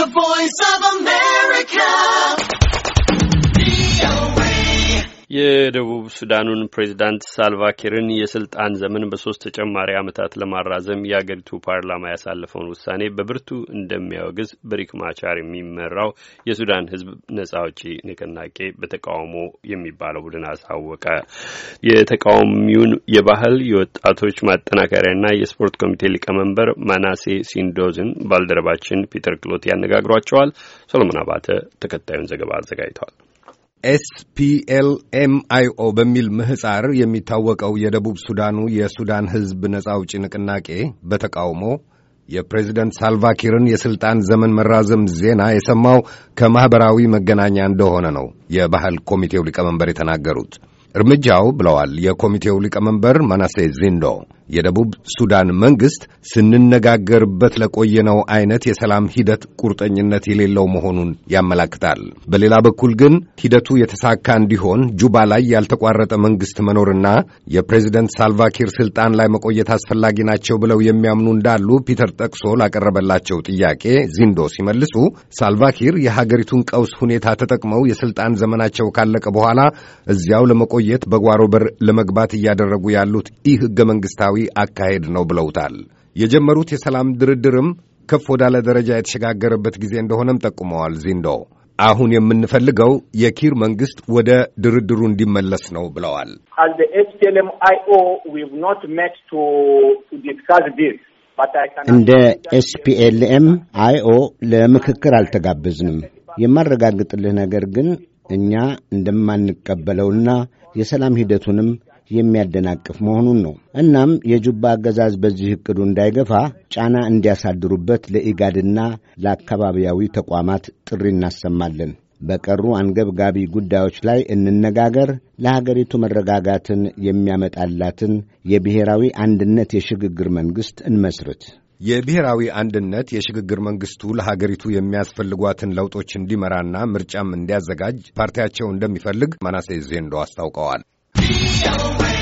The Voice of man. የደቡብ ሱዳኑን ፕሬዚዳንት ሳልቫኪርን የስልጣን ዘመን በሶስት ተጨማሪ ዓመታት ለማራዘም የአገሪቱ ፓርላማ ያሳለፈውን ውሳኔ በብርቱ እንደሚያወግዝ በሪክ ማቻር የሚመራው የሱዳን ሕዝብ ነጻ አውጪ ንቅናቄ በተቃውሞ የሚባለው ቡድን አሳወቀ። የተቃዋሚውን የባህል የወጣቶች ማጠናከሪያና የስፖርት ኮሚቴ ሊቀመንበር ማናሴ ሲንዶዝን ባልደረባችን ፒተር ክሎት ያነጋግሯቸዋል። ሶሎሞን አባተ ተከታዩን ዘገባ አዘጋጅተዋል። ኤስፒኤልኤምአይኦ በሚል ምህፃር የሚታወቀው የደቡብ ሱዳኑ የሱዳን ሕዝብ ነጻ አውጪ ንቅናቄ በተቃውሞ የፕሬዚደንት ሳልቫኪርን የሥልጣን ዘመን መራዘም ዜና የሰማው ከማኅበራዊ መገናኛ እንደሆነ ነው የባህል ኮሚቴው ሊቀመንበር የተናገሩት። እርምጃው ብለዋል የኮሚቴው ሊቀመንበር መናሴ ዚንዶ የደቡብ ሱዳን መንግሥት ስንነጋገርበት ለቆየነው አይነት የሰላም ሂደት ቁርጠኝነት የሌለው መሆኑን ያመላክታል። በሌላ በኩል ግን ሂደቱ የተሳካ እንዲሆን ጁባ ላይ ያልተቋረጠ መንግሥት መኖርና የፕሬዚደንት ሳልቫኪር ስልጣን ላይ መቆየት አስፈላጊ ናቸው ብለው የሚያምኑ እንዳሉ ፒተር ጠቅሶ ላቀረበላቸው ጥያቄ ዚንዶ ሲመልሱ ሳልቫኪር የሀገሪቱን ቀውስ ሁኔታ ተጠቅመው የስልጣን ዘመናቸው ካለቀ በኋላ እዚያው ለመቆየት በጓሮ በር ለመግባት እያደረጉ ያሉት ይህ ህገ መንግሥታዊ አካሄድ ነው ብለውታል። የጀመሩት የሰላም ድርድርም ከፍ ወዳለ ደረጃ የተሸጋገረበት ጊዜ እንደሆነም ጠቁመዋል ዚንዶ። አሁን የምንፈልገው የኪር መንግስት ወደ ድርድሩ እንዲመለስ ነው ብለዋል። እንደ ኤስፒኤልኤም አይኦ ለምክክር አልተጋበዝንም። የማረጋግጥልህ ነገር ግን እኛ እንደማንቀበለውና የሰላም ሂደቱንም የሚያደናቅፍ መሆኑን ነው። እናም የጁባ አገዛዝ በዚህ ዕቅዱ እንዳይገፋ ጫና እንዲያሳድሩበት ለኢጋድና ለአካባቢያዊ ተቋማት ጥሪ እናሰማለን። በቀሩ አንገብጋቢ ጉዳዮች ላይ እንነጋገር። ለሀገሪቱ መረጋጋትን የሚያመጣላትን የብሔራዊ አንድነት የሽግግር መንግሥት እንመስርት። የብሔራዊ አንድነት የሽግግር መንግስቱ ለሀገሪቱ የሚያስፈልጓትን ለውጦች እንዲመራና ምርጫም እንዲያዘጋጅ ፓርቲያቸው እንደሚፈልግ መናሴ ዜንዶ አስታውቀዋል።